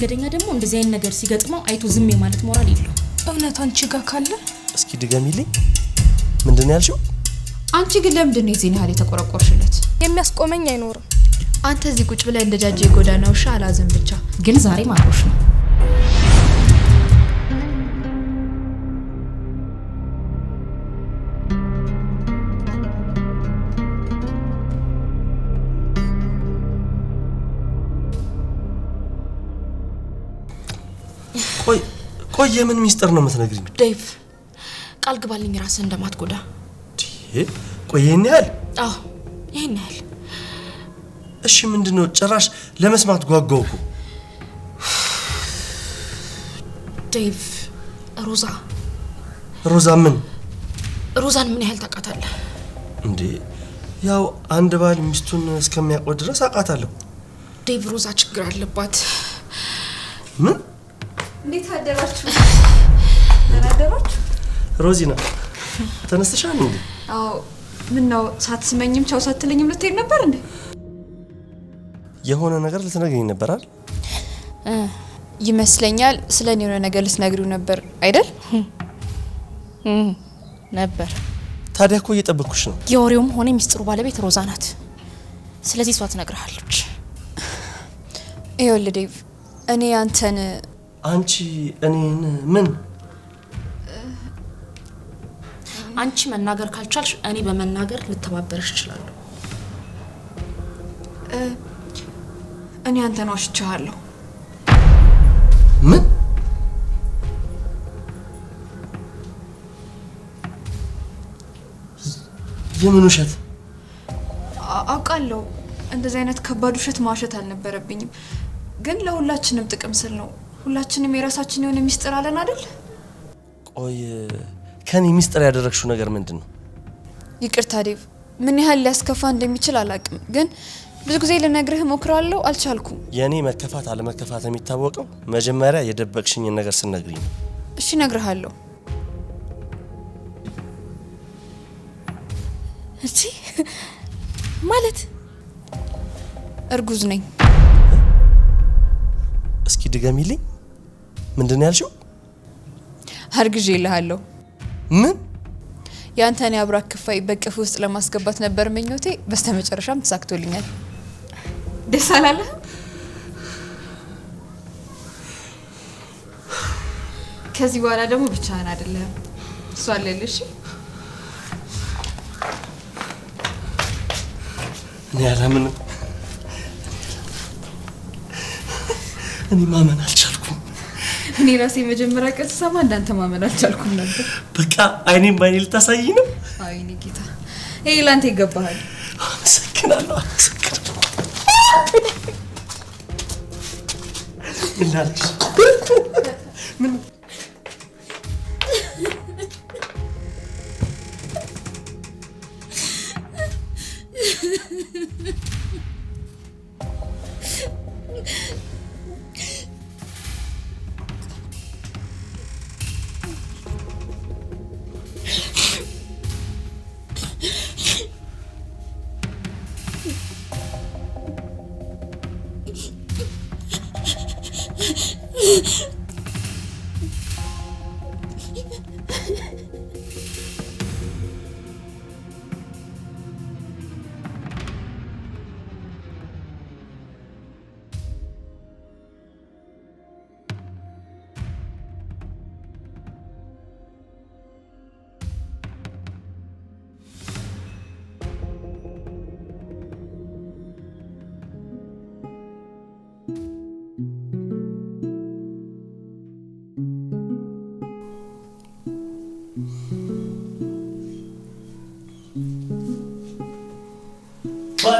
መንገደኛ ደግሞ እንደዚህ አይነት ነገር ሲገጥመው አይቶ ዝም የማለት ሞራል የለው። እውነት አንቺ ጋር ካለ እስኪ ድገሚልኝ። ምንድን ምንድነው ያልሽው? አንቺ ግን ለምንድን ነው የዚህን ያህል የተቆረቆርሽለት? የሚያስቆመኝ አይኖርም። አንተ እዚህ ቁጭ ብለህ እንደ ጃጄ ጎዳና ውሻ አላዝም። ብቻ ግን ዛሬ ማቆሽ ነው ቆይ የምን ሚስጥር ነው የምትነግሪኝ? ዴቭ ቃል ግባልኝ ራስህ እንደማትጎዳ። ቆይ ይህን ያህል? አዎ ይህን ያህል። እሺ ምንድን ነው? ጭራሽ ለመስማት ጓጓው እኮ ዴቭ። ሮዛ ሮዛ ምን ሮዛን ምን ያህል ታውቃታለህ እንዴ? ያው አንድ ባል ሚስቱን እስከሚያውቀው ድረስ አውቃታለሁ ዴቭ። ሮዛ ችግር አለባት። ምን እንዴት አደራችሁ? ደህና አደራችሁ። ሮዚና ተነስተሻል እንዴ? አዎ። ምን ነው ሳትስመኝም ቻው ሳትለኝም ልትሄድ ነበር እንዴ? የሆነ ነገር ልትነግሪኝ ነበራል ይመስለኛል። ስለ እኔ የሆነ ነገር ልትነግሪው ነበር አይደል? ነበር። ታዲያ እኮ እየጠበኩሽ ነው። የወሬውም ሆነ የሚስጥሩ ባለቤት ሮዛ ናት። ስለዚህ እሷ ትነግርሃለች። ይኸውልህ ዴቭ እኔ አንተን አንቺ እኔን ምን? አንቺ መናገር ካልቻልሽ እኔ በመናገር ልተባበርሽ እችላለሁ። እኔ ነው አሽቻለሁ። ምን? የምን ውሸት? አውቃለሁ እንደዚህ አይነት ከባድ ውሸት ማውሸት አልነበረብኝም፣ ግን ለሁላችንም ጥቅም ስል ነው ሁላችንም የራሳችን የሆነ ሚስጥር አለን አይደል? ቆይ ከኔ ሚስጥር ያደረግሽው ነገር ምንድን ነው? ይቅርታ ዴቭ፣ ምን ያህል ሊያስከፋ እንደሚችል አላቅም፣ ግን ብዙ ጊዜ ልነግርህ ሞክራለሁ፣ አልቻልኩም። የእኔ መከፋት አለመከፋት የሚታወቀው መጀመሪያ የደበቅሽኝን ነገር ስነግሪኝ ነው። እሺ እነግርሃለሁ። እቺ ማለት እርጉዝ ነኝ። እስኪ ድገሚልኝ። ምንድን ያልሽው? አርግዤ ይልሃለሁ። ምን? የአንተን የአብራክ ክፋይ በቅፍ ውስጥ ለማስገባት ነበር ምኞቴ። በስተመጨረሻም ተሳክቶልኛል። ደስ አላለ? ከዚህ በኋላ ደግሞ ብቻህን አይደለም፣ እሷ አለልሽ። እኔ አላምንም። እኔ ማመን እኔ ራሴ መጀመሪያ ቀን ስሰማ እንዳንተ ማመን አልቻልኩም ነበር። በቃ አይኔም በአይኔ ልታሳይ ነው። አይኔ ጌታ፣ ይሄ ላንተ ይገባሃል። አመሰግናለሁ፣ አመሰግናለሁ።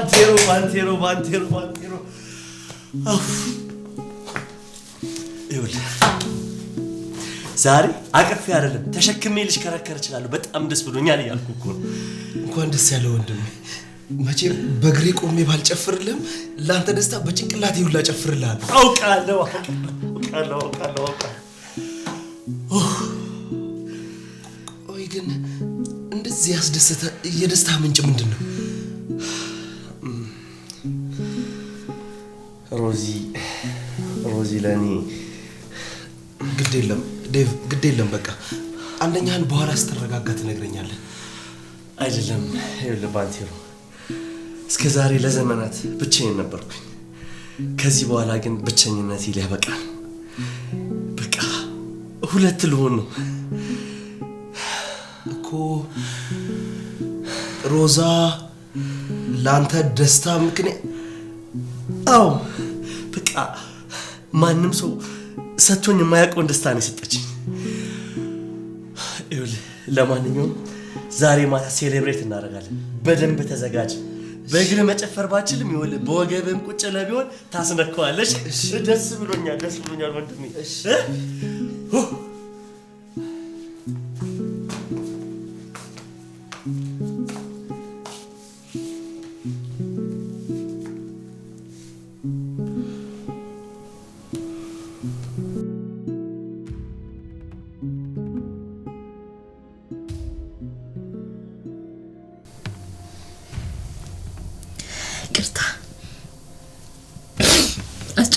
반테로 반테로 반테로 반테로 ዛሬ አቅፌ አይደለም ተሸክሜ ልሽከረከር እችላለሁ። በጣም ደስ ብሎኛል እያልኩ እኮ ነው። እንኳን ደስ ያለ ወንድሜ። መቼም በእግሬ ቆሜ ባልጨፍርልም ለአንተ ደስታ በጭንቅላቴ ሁላ ጨፍርልሃለሁ። አውቃለሁ አውቃለሁ አውቃለሁ አውቃለሁ። ቆይ ግን እንደዚህ ያስደሰተ የደስታ ምንጭ ምንድን ነው? ሮዚ ሮዚ ለእኔ ግድ የለም ዴቭ፣ ግድ የለም በቃ አንደኛህን በኋላ ስትረጋጋ ትነግረኛለህ። አይደለም ይኸውልህ ባንቴሮ፣ እስከ ዛሬ ለዘመናት ብቸኝን ነበርኩኝ። ከዚህ በኋላ ግን ብቸኝነት ሊያበቃል። በቃ ሁለት ልሆን ነው እኮ ሮዛ፣ ለአንተ ደስታ ምክንያት አዎ ማንም ሰው ሰጥቶኝ የማያውቀውን ደስታ ነው የሰጠችኝ። ለማንኛውም ዛሬ ማታ ሴሌብሬት እናደርጋለን። በደንብ ተዘጋጅ። በእግር መጨፈር ባችልም ይሆን በወገብም ቁጭ ቢሆን ታስነካዋለች። ደስ ብሎኛል፣ ደስ ብሎኛል ወንድሜ።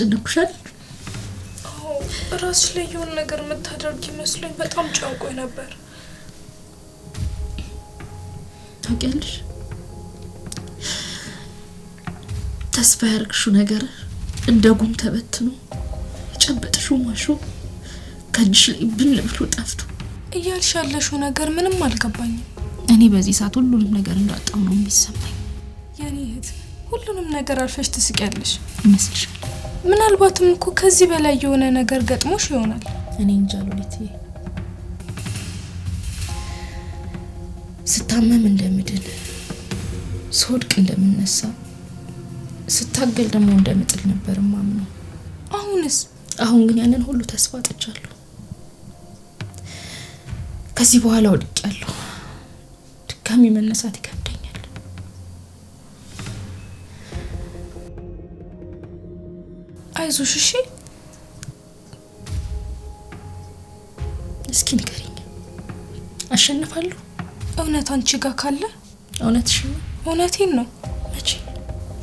አስጨነኩሻል። ራስሽ ላይ የሆነ ነገር የምታደርግ ይመስለኝ በጣም ጨንቆኝ ነበር። ታውቂያለሽ፣ ተስፋ ያርግሹ ነገር እንደ ጉም ተበትኖ የጨበጥሹ ማሾ ከእጅሽ ላይ ብን ብሎ ጠፍቶ እያልሽ ያለሽው ነገር ምንም አልገባኝም። እኔ በዚህ ሰዓት ሁሉንም ነገር እንዳጣው ነው የሚሰማኝ። የኔ እህት፣ ሁሉንም ነገር አልፈሽ ትስቂያለሽ ይመስልሽ ምናልባትም እኮ ከዚህ በላይ የሆነ ነገር ገጥሞሽ ይሆናል። እኔ እንጃ ሉሊትዬ፣ ስታመም እንደምድል፣ ስወድቅ እንደምነሳ፣ ስታገል ደግሞ እንደምጥል ነበር ማምነው። አሁንስ? አሁን ግን ያንን ሁሉ ተስፋ አጥቻለሁ። ከዚህ በኋላ ወድቅ ያለሁ ድጋሚ መነሳት ይከብዳል። አይዞሽ እሺ። እስኪ ንገሪኝ፣ አሸንፋለሁ? እውነት አንቺ ጋር ካለ እውነትሽ? እውነቴን ነው። መቼ?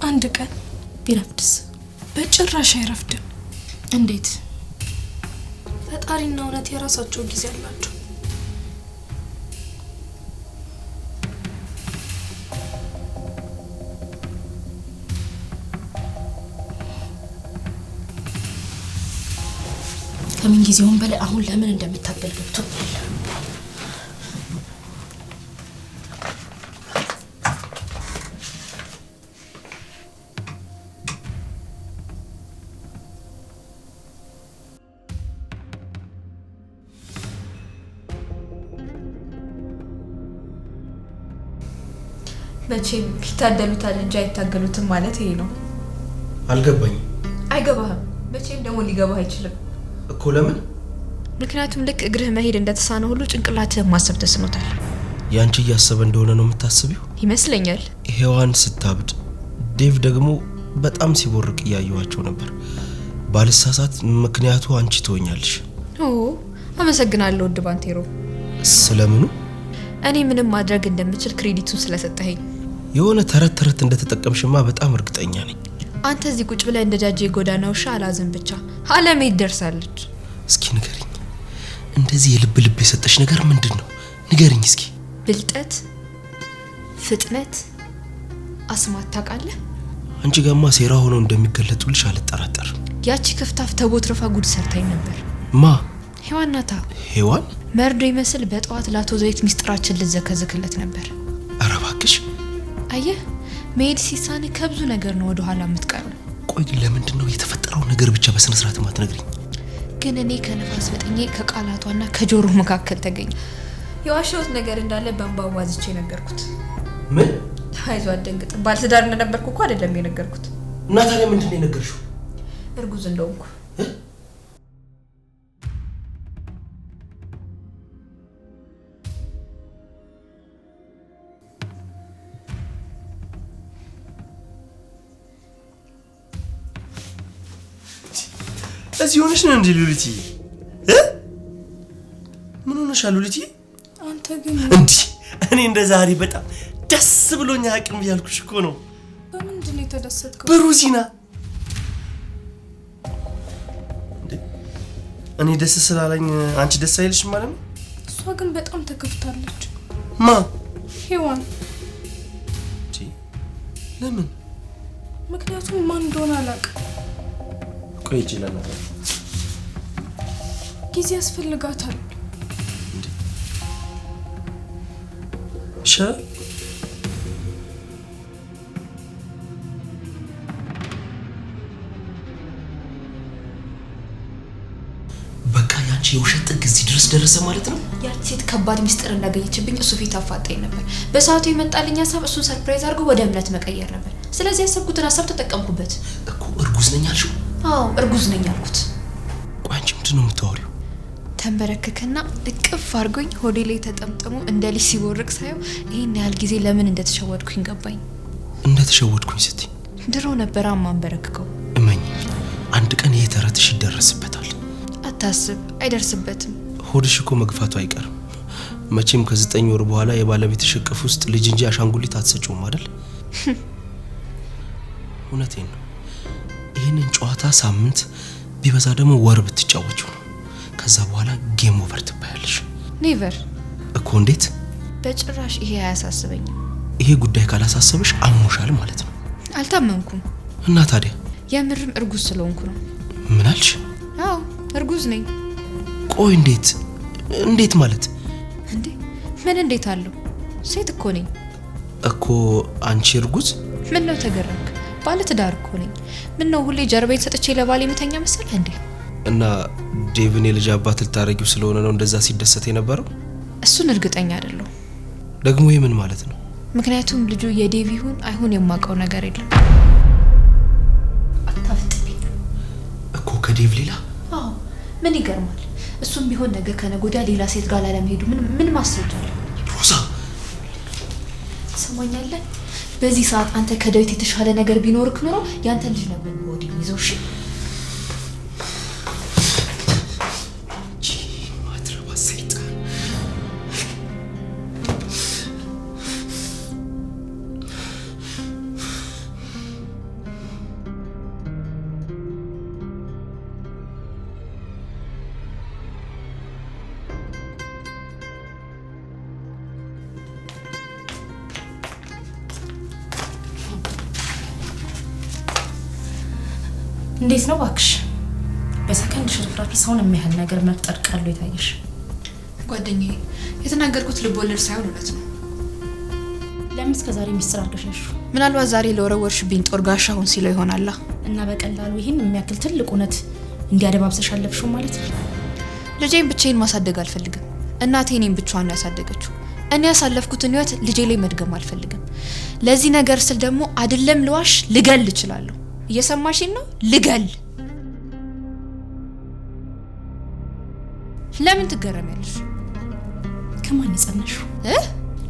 አንድ ቀን ቢረፍድስ? በጭራሽ አይረፍድም። እንዴት? ፈጣሪና እውነት የራሳቸው ጊዜ አላቸው። ከምን ጊዜውም በላይ አሁን ለምን እንደምታገል ገብቶኛል። መቼም ይታደሉታል እንጂ አይታገሉትም ማለት ይሄ ነው። አልገባኝም። አይገባህም። መቼም ደግሞ ሊገባህ አይችልም። እኮ ለምን? ምክንያቱም ልክ እግርህ መሄድ እንደተሳነ ሁሉ ጭንቅላትህ ማሰብ ተስኖታል። ያንቺ እያሰበ እንደሆነ ነው የምታስቢው ይመስለኛል። ሔዋን ስታብድ፣ ዴቭ ደግሞ በጣም ሲቦርቅ እያየኋቸው ነበር። ባልሳሳት ምክንያቱ አንቺ ትሆኛለሽ። አመሰግናለሁ ውድ ባንቴሮ። ስለምኑ? እኔ ምንም ማድረግ እንደምችል ክሬዲቱን ስለሰጠኸኝ። የሆነ ተረት ተረት እንደተጠቀምሽማ በጣም እርግጠኛ ነኝ። አንተ እዚህ ቁጭ ብለህ እንደ ጃጄ የጎዳና ውሻ አላዝም ብቻ አለሜ ይደርሳለች። እስኪ ንገርኝ፣ እንደዚህ የልብ ልብ የሰጠሽ ነገር ምንድን ነው? ንገርኝ እስኪ። ብልጠት፣ ፍጥነት፣ አስማት ታውቃለህ? አንቺ ጋማ ሴራ ሆነው እንደሚገለጡልሽ አልጠራጠርም። ያቺ ክፍታፍ ተቦትረፋ ጉድ ሰርታኝ ነበር። ማ? ሄዋን ናታ። ሄዋን መርዶ ይመስል በጠዋት ለአቶ ዘይት ሚስጥራችን ልዘከዝክለት ነበር። አረባክሽ አየህ መሄድ ሲሳን ከብዙ ነገር ነው ወደኋላ የምትቀሩ። ቆይ ለምንድን ነው የተፈጠረው ነገር ብቻ በስነ ስርዓት ማትነግሪኝ? ግን እኔ ከነፋስ ፈጥኜ ከቃላቷና ከጆሮ መካከል ተገኘ የዋሸሁት ነገር እንዳለ በንባዋዝቼ ነገርኩት። ምን? አይዞ አደንግጥ፣ ባለትዳር እንደነበርኩ እኮ አይደለም የነገርኩት። እና ታዲያ ምንድን ነው የነገርሽው? እርጉዝ እንደሆንኩ እንደዚህ ሆነሽ ነው እንዴ ሉሊቲ? ምን ሆነሻል ሉሊቲ? አንተ ግን እንዲህ እኔ እንደ ዛሬ በጣም ደስ ብሎኛ አቅም እያልኩሽ እኮ ነው። በምንድን ነው የተደሰትከው? በሩዚና እኔ ደስ ስላለኝ አንቺ ደስ አይልሽም ማለት ነው። እሷ ግን በጣም ተከፍታለች። ማ ሄዋን ለምን? ምክንያቱም ማን እንደሆነ አላውቅም። ቆይ ይችላል ጊዜ ያስፈልጋታል። ሸ በቃ ያቺ የውሸት ጥግ እዚህ ድረስ ደረሰ ማለት ነው። ያቺ ሴት ከባድ ሚስጥር እንዳገኘችብኝ እሱ ፊት አፋጣኝ ነበር። በሰዓቱ የመጣልኝ ሀሳብ እሱን ሰርፕራይዝ አድርጎ ወደ እምነት መቀየር ነበር። ስለዚህ ያሰብኩትን ሀሳብ ተጠቀምኩበት እኮ። እርጉዝ ነኝ አልሽው? አዎ እርጉዝ ነኝ አልኩት። ቆይ ምንድን ነው የምታወሪው? ተንበረከከና እቅፍ አድርጎኝ ሆዴ ላይ ተጠምጥሞ እንደ ልጅ ሲቦርቅ ሳየው ይህን ያህል ጊዜ ለምን እንደተሸወድኩኝ ገባኝ። እንደተሸወድኩኝ ስትይ ድሮ ነበረ ማንበረክከው። እመኝ አንድ ቀን ይሄ ተረትሽ ይደረስበታል። አታስብ፣ አይደርስበትም። ሆድሽ እኮ መግፋቱ አይቀርም። መቼም ከዘጠኝ ወር በኋላ የባለቤትሽ እቅፍ ውስጥ ልጅ እንጂ አሻንጉሊት አትሰጪውም አይደል? እውነቴን ነው። ይህንን ጨዋታ ሳምንት ቢበዛ ደግሞ ወር ብትጫወችው ነው። ከዛ በኋላ ጌም ኦቨር ትባያለሽ። ኔቨር እኮ እንዴት! በጭራሽ ይሄ አያሳስበኝም። ይሄ ጉዳይ ካላሳሰበሽ አሞሻል ማለት ነው። አልታመምኩም። እና ታዲያ የምርም እርጉዝ ስለሆንኩ ነው። ምን አልሽ? አዎ እርጉዝ ነኝ። ቆይ እንዴት እንዴት ማለት እንዴ? ምን እንዴት አለው? ሴት እኮ ነኝ እኮ። አንቺ እርጉዝ? ምን ነው ተገረምክ? ባለ ትዳር እኮ ነኝ። ምን ነው ሁሌ ጀርባዬን ሰጥቼ ለባል የምተኛ መሰለህ እንዴ? እና ዴቭን የልጅ አባት ልታረጊው ስለሆነ ነው እንደዛ ሲደሰት የነበረው? እሱን እርግጠኛ አይደለሁ። ደግሞ ይህ ምን ማለት ነው? ምክንያቱም ልጁ የዴቭ ይሁን አይሁን የማውቀው ነገር የለም። እኮ ከዴቭ ሌላ። አዎ ምን ይገርማል። እሱም ቢሆን ነገ ከነጎዳ ሌላ ሴት ጋር ላለመሄዱ ምን ምን ማስረጃ ሮዛ ትሰማኛለህ? በዚህ ሰዓት አንተ ከዳዊት የተሻለ ነገር ቢኖርክ ኖሮ ያንተ ልጅ ነበር ወዲህ ይዘው እንዴት ነው እባክሽ? በሰከንድ ሽርፍራፊ ሰውን የሚያህል ነገር መፍጠር ቀሎ የታየሽ? ጓደኛዬ የተናገርኩት ልብ ወለድ ሳይሆን እውነት ነው። ለምን እስከ ዛሬ ሚስጥር አድርገሻሹ? ምናልባት ዛሬ ለወረወርሽብኝ ጦር ጋሻ ሁን ሲለው ይሆናላ። እና በቀላሉ ይህን የሚያክል ትልቅ እውነት እንዲያደባብሰሽ አለፍሽው ማለት ነው። ልጄን ብቻዬን ማሳደግ አልፈልግም። እናቴ እኔን ብቻዋን ያሳደገችው እኔ ያሳለፍኩትን ህይወት ልጄ ላይ መድገም አልፈልግም። ለዚህ ነገር ስል ደግሞ አይደለም ልዋሽ፣ ልገል እችላለሁ። እየሰማሽኝ ነው? ልገል። ለምን ትገረሚያለሽ? ከማን የጸነሽው?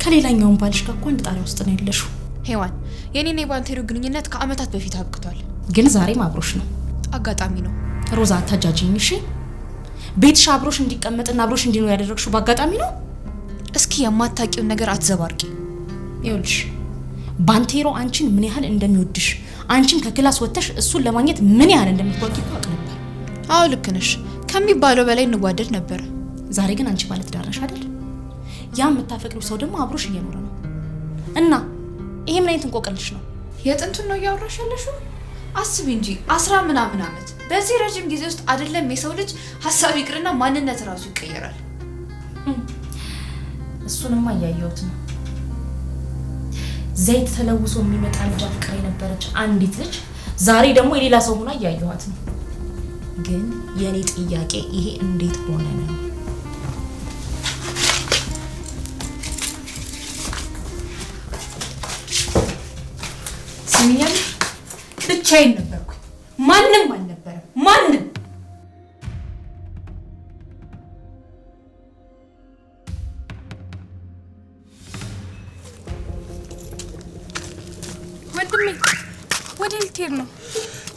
ከሌላኛውን ባልሽ ጋር እኮ አንድ ጣሪያ ውስጥ ነው ያለሽው። ሄዋን፣ የኔና የባንቴሮ ግንኙነት ከአመታት በፊት አብቅቷል። ግን ዛሬም አብሮሽ ነው። አጋጣሚ ነው። ሮዛ፣ አታጃጅኝ እሺ። ቤትሽ አብሮሽ እንዲቀመጥና አብሮሽ እንዲኖር ያደረግሽው በአጋጣሚ ነው። እስኪ የማታውቂውን ነገር አትዘባርቂ። ይኸውልሽ ባንቴሮ አንቺን ምን ያህል እንደሚወድሽ አንቺም ከክላስ ወጥተሽ እሱን ለማግኘት ምን ያህል እንደምትጓጊ አውቅ ነበር። አዎ ልክ ነሽ። ከሚባለው በላይ እንዋደድ ነበር ዛሬ ግን አንቺ ማለት ዳረሽ አይደል? ያ የምታፈቅሪው ሰው ደግሞ አብሮሽ እየኖረ ነው እና ይሄ ምን አይነት እንቆቅልሽ ነው? የጥንቱን ነው እያወራሽ ያለሽው? አስቢ እንጂ አስራ ምናምን ዓመት በዚህ ረጅም ጊዜ ውስጥ አይደለም የሰው ልጅ ሀሳብ ይቅርና ማንነት ራሱ ይቀየራል። እሱንማ እያየሁት ነው። ዘይት ተለውሶ የሚመጣ ልጅ አፍቅራ የነበረች አንዲት ልጅ ዛሬ ደግሞ የሌላ ሰው ሆና እያየኋት ነው። ግን የእኔ ጥያቄ ይሄ እንዴት ሆነ ነው? ስሚኛል፣ ብቻዬን ነበርኩኝ። ማንም አልነበረም። ማንም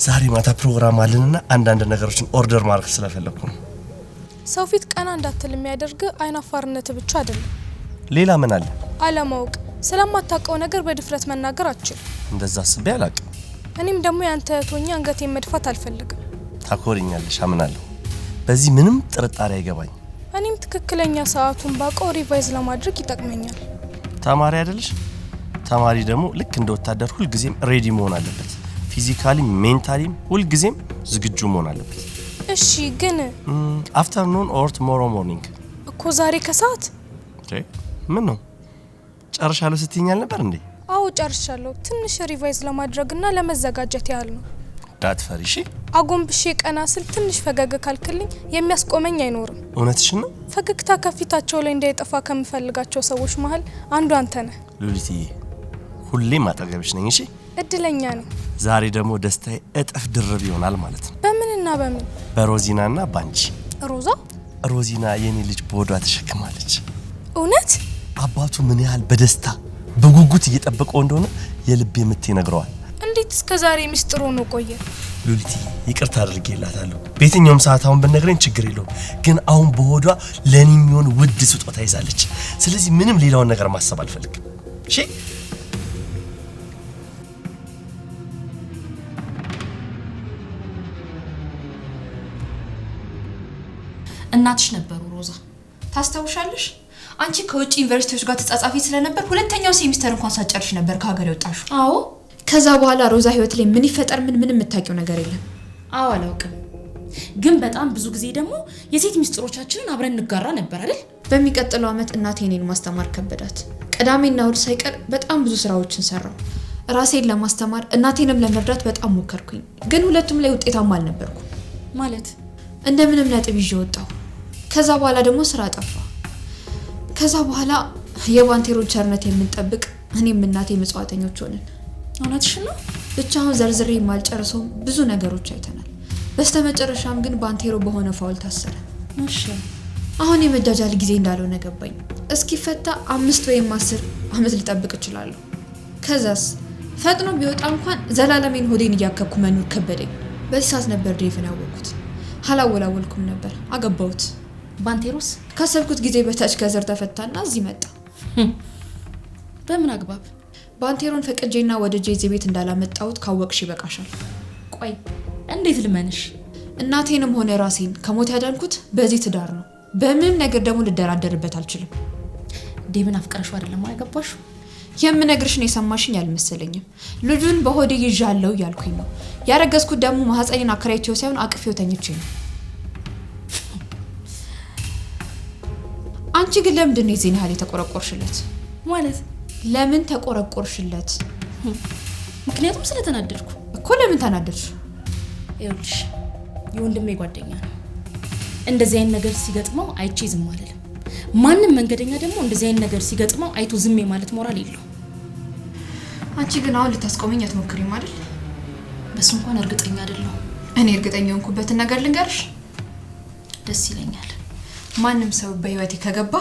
ዛሬ ማታ ፕሮግራም አለንና አንዳንድ ነገሮችን ኦርደር ማድረግ ስለፈለኩ ነው። ሰው ፊት ቀና እንዳትል የሚያደርግ አይን አፋርነት ብቻ አይደለም። ሌላ ምን አለ? አለማወቅ። ስለማታውቀው ነገር በድፍረት መናገር አችል። እንደዛ አስቤ አላውቅም። እኔም ደግሞ ያንተ ቶኛ አንገቴን መድፋት አልፈልግም። ታኮሪኛለሽ፣ አምናለሁ። በዚህ ምንም ጥርጣሬ አይገባኝ። እኔም ትክክለኛ ሰዓቱን ባውቀው ሪቫይዝ ለማድረግ ይጠቅመኛል። ተማሪ አይደለሽ? ተማሪ ደግሞ ልክ እንደ ወታደር ሁልጊዜም ሬዲ መሆን አለበት። ፊዚካሊ ሜንታሊም ሁልጊዜም ዝግጁ መሆን አለበት። እሺ ግን አፍተርኑን ኦር ቱሞሮ ሞርኒንግ እኮ ዛሬ ከሰዓት ምን ነው ጨርሻለሁ ስትኛል ነበር እንዴ? አዎ ጨርሻለሁ። ትንሽ ሪቫይዝ ለማድረግና ለመዘጋጀት ያህል ነው። ዳትፈሪ እሺ። አጎንብሼ ቀና ስል ትንሽ ፈገግ ካልክልኝ የሚያስቆመኝ አይኖርም። እውነትሽ ነው። ፈገግታ ከፊታቸው ላይ እንዳይጠፋ ከምፈልጋቸው ሰዎች መሀል አንዱ አንተ ነህ ሉሊትዬ። ሁሌም አጠገብሽ ነኝ እሺ። እድለኛ ነኝ። ዛሬ ደግሞ ደስታዬ እጥፍ ድርብ ይሆናል ማለት ነው። በምንና በምን? በሮዚናና ባንቺ። ሮዛ ሮዚና የኔ ልጅ በወዷ ተሸክማለች። እውነት አባቱ ምን ያህል በደስታ በጉጉት እየጠበቀው እንደሆነ የልብ ምት ይነግረዋል። እንዴት እስከ ዛሬ ሚስጥሩ ነው ቆየ? ሉሊቲ ይቅርታ አድርጌላታለሁ። በየትኛውም ሰዓት አሁን ብነግረኝ ችግር የለውም፣ ግን አሁን በሆዷ ለኔ የሚሆን ውድ ስጦታ ይዛለች። ስለዚህ ምንም ሌላውን ነገር ማሰብ አልፈልግም። እናትሽ ነበሩ ሮዛ፣ ታስታውሻለሽ? አንቺ ከውጭ ዩኒቨርሲቲዎች ጋር ተጻጻፊ ስለነበር ሁለተኛው ሴሚስተር እንኳን ሳጨርሽ ነበር ከሀገር የወጣሹ። አዎ። ከዛ በኋላ ሮዛ ህይወት ላይ ምን ይፈጠር ምን ምን የምታውቂው ነገር የለም። አዎ፣ አላውቅም። ግን በጣም ብዙ ጊዜ ደግሞ የሴት ሚስጥሮቻችንን አብረን እንጋራ ነበር አይደል? በሚቀጥለው ዓመት እናቴ እኔን ማስተማር ከበዳት። ቅዳሜና እሁድ ሳይቀር በጣም ብዙ ስራዎችን ሰራው። ራሴን ለማስተማር እናቴንም ለመርዳት በጣም ሞከርኩኝ፣ ግን ሁለቱም ላይ ውጤታማ አልነበርኩ ማለት እንደምንም ነጥብ ይዤ ወጣሁ። ከዛ በኋላ ደግሞ ስራ ጠፋ። ከዛ በኋላ የቫንቴሮ ቸርነት የምንጠብቅ እኔም እናቴ መጽዋተኞች ሆንን። እውነትሽ ነው። ብቻ አሁን ዘርዝሬ የማልጨርሰው ብዙ ነገሮች አይተናል። በስተመጨረሻም ግን ባንቴሮ በሆነ ፋውል ታሰረ። እሺ አሁን የመጃጃል ጊዜ እንዳልሆነ ገባኝ። እስኪፈታ አምስት ወይም አስር አመት ልጠብቅ እችላለሁ። ከዛስ ፈጥኖ ቢወጣ እንኳን ዘላለሜን ሆዴን እያከብኩ መኖር ከበደኝ። በዚህ ሰዓት ነበር ዴቭን ያወቅኩት። አላወላወልኩም ነበር፣ አገባሁት። ባንቴሮስ ካሰብኩት ጊዜ በታች ከዘር ተፈታና እዚህ መጣ። በምን አግባብ? ባንቴሮን ፈቅጄና ወደ እዚህ ቤት እንዳላመጣሁት ካወቅሽ ይበቃሻል። ቆይ እንዴት ልመንሽ? እናቴንም ሆነ ራሴን ከሞት ያዳንኩት በዚህ ትዳር ነው። በምንም ነገር ደግሞ ልደራደርበት አልችልም። ዴብን አፍቅረሽው አይደለም አይገባሽ? የምነግርሽን የሰማሽኝ አልመሰለኝም። ልጁን በሆዴ ይዣለሁ እያልኩኝ ነው። ያረገዝኩት ደግሞ ማህፀኔን አከራይቼው ሳይሆን አቅፌው ተኝቼ ነው። አንቺ ግን ለምንድን ነው የዚህን ያህል የተቆረቆርሽለት? ማለት ለምን ተቆረቆርሽለት? ምክንያቱም ስለተናደድኩ እኮ። ለምን ተናደድሽ? ይኸውልሽ የወንድሜ ጓደኛ ነው። እንደዚህ አይነት ነገር ሲገጥመው አይቼ ዝም አልልም። ማንም መንገደኛ ደግሞ እንደዚህ አይነት ነገር ሲገጥመው አይቶ ዝም ማለት ሞራል የለው አንቺ ግን አሁን ልታስቆመኝ አትሞክሪም አይደል? በሱ እንኳን እርግጠኛ አይደለሁም። እኔ እርግጠኛ የሆንኩበትን ነገር ልንገርሽ። ደስ ይለኛል ማንም ሰው በህይወቴ ከገባ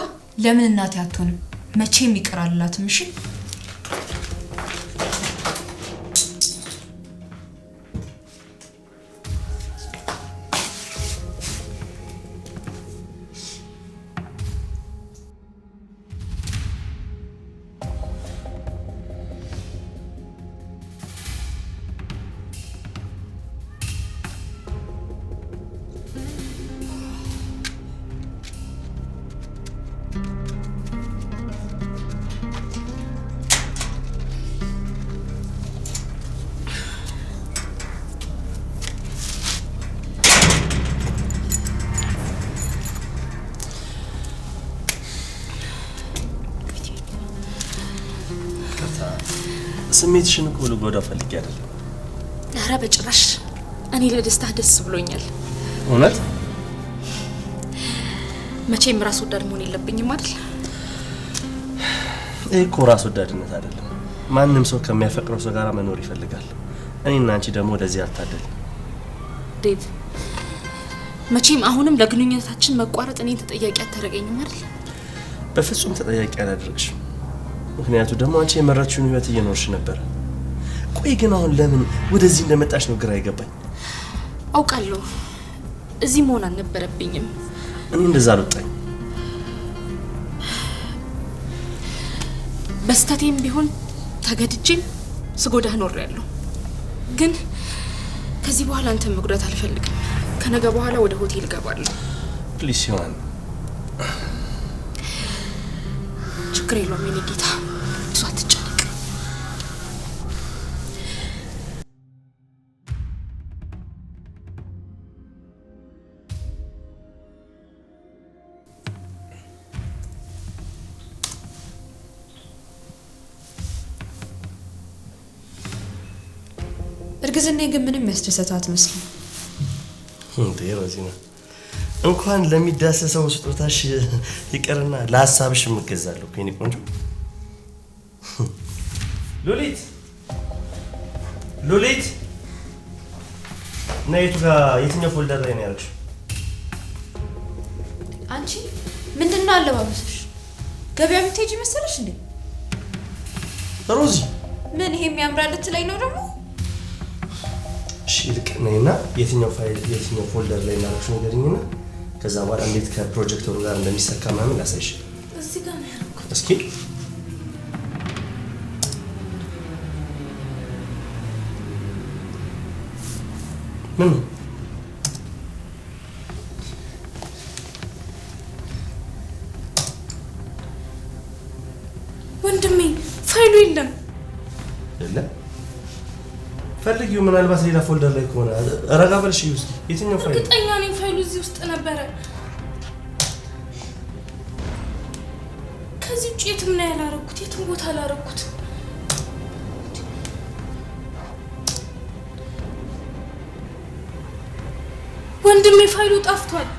ለምን እናቴ አትሆንም? መቼም ይቅር እሺ ስሜትሽን እኮ ልጎዳ ፈልጌ አይደለም። ኧረ በጭራሽ እኔ ለደስታ ደስ ብሎኛል። እውነት መቼም ራስ ወዳድ መሆን የለብኝም አይደል? ይህ እኮ ራስ ወዳድነት አይደለም። ማንም ሰው ከሚያፈቅረው ሰው ጋር መኖር ይፈልጋል። እኔና አንቺ ደግሞ ወደዚህ አልታደል። ዴቭ መቼም አሁንም ለግንኙነታችን መቋረጥ እኔን ተጠያቂ አታደርገኝም አይደል? በፍጹም ተጠያቂ አላደረግሽም። ምክንያቱ ደግሞ አንቺ የመራችውን ህይወት እየኖርሽ ነበር። ቆይ ግን አሁን ለምን ወደዚህ እንደመጣሽ ነው ግራ አይገባኝ። አውቃለሁ እዚህ መሆን አልነበረብኝም። እኔ እንደዛ አልወጣኝ። በስተቴም ቢሆን ተገድጄም ስጎዳህ ኖሬያለሁ። ግን ከዚህ በኋላ አንተን መጉዳት አልፈልግም። ከነገ በኋላ ወደ ሆቴል እገባለሁ። ፕሊስ ሲሆን ችግር የለውም የኔ ጌታ። እርግዝና ግን ምንም ያስደሰታት አትመስልም። እንዴ ሮዚና፣ እንኳን ለሚዳሰሰው ስጦታሽ ይቅርና ለሀሳብሽ የምገዛለሁ የኔ ቆንጆ። ሉሊት ሉሊት፣ እና የቱ ጋር የትኛው ፎልደር ላይ ነው ያደረግሽው? አንቺ ምንድን ነው አለባበስሽ? ገበያ የምትሄጂ መሰለሽ እንዴ ሮዚ? ምን ይሄ የሚያምራል ልትለኝ ነው ደግሞ ነይና የትኛው ፋይል የትኛው ፎልደር ላይ እንዳለች ነገርኝና ከዛ በኋላ እንዴት ከፕሮጀክተሩ ጋር እንደሚሰካ ምናምን ላሳይሽ። እስኪ ምን ነው ዩ ምናልባት ሌላ ፎልደር ላይ ከሆነ ረጋ በልሽ። ዩ የትኛው ፋይል? እርግጠኛ ነኝ ፋይሉ እዚህ ውስጥ ነበረ። ከዚህ ውጭ የትም ነው ያላረኩት፣ የትም ቦታ አላረኩት። ወንድሜ ፋይሉ ጠፍቷል።